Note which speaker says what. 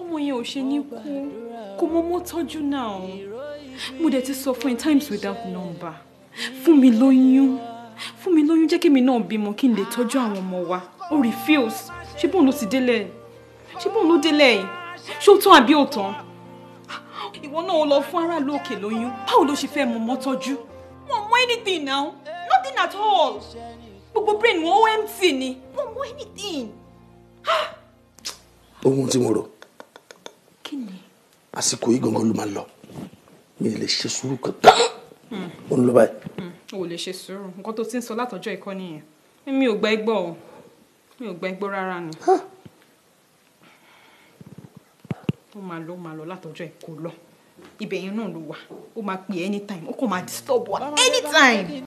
Speaker 1: ọmọ yẹn ò ṣe ní kú kò mọ mọ́ tọ́jú náà mo dẹ̀ ti sọ fún ẹ times without number fún mi lóyún fún mi lóyún jẹ́ kémi náà bímọ kí n lè tọ́jú àwọn ọmọ wa ó refuse ṣé bóun ló ti délẹ̀ ṣé bóun ló délẹ̀ yìí ṣé ó tán àbí ò tán ìwọ náà ó lọ fún aráàlú òkè lóyún báwo ló ṣe fẹ́ mọ mọ́ tọ́jú wọn mọ anything now nothing at all gbogbo brain wọn ó empty ni wọn mọ anything.
Speaker 2: ohun tí mo rò àsìkò yìí gangan ló máa lọ mi lè ṣe sùúrù kankan hmm. ó ń lọ báyìí.
Speaker 1: Hmm. o ò lè ṣe sùúrù nǹkan tó ti ń sọ látọjọ́ ìkọ nìyẹn mi ò gbà igbó o mi ò gbà igbó rárá ni ó máa lọ ó máa lọ látọjọ́ ìkọ lọ ibẹ̀ yẹn náà ló wà ó máa pè anytime o kàn máa disturb wa anytime.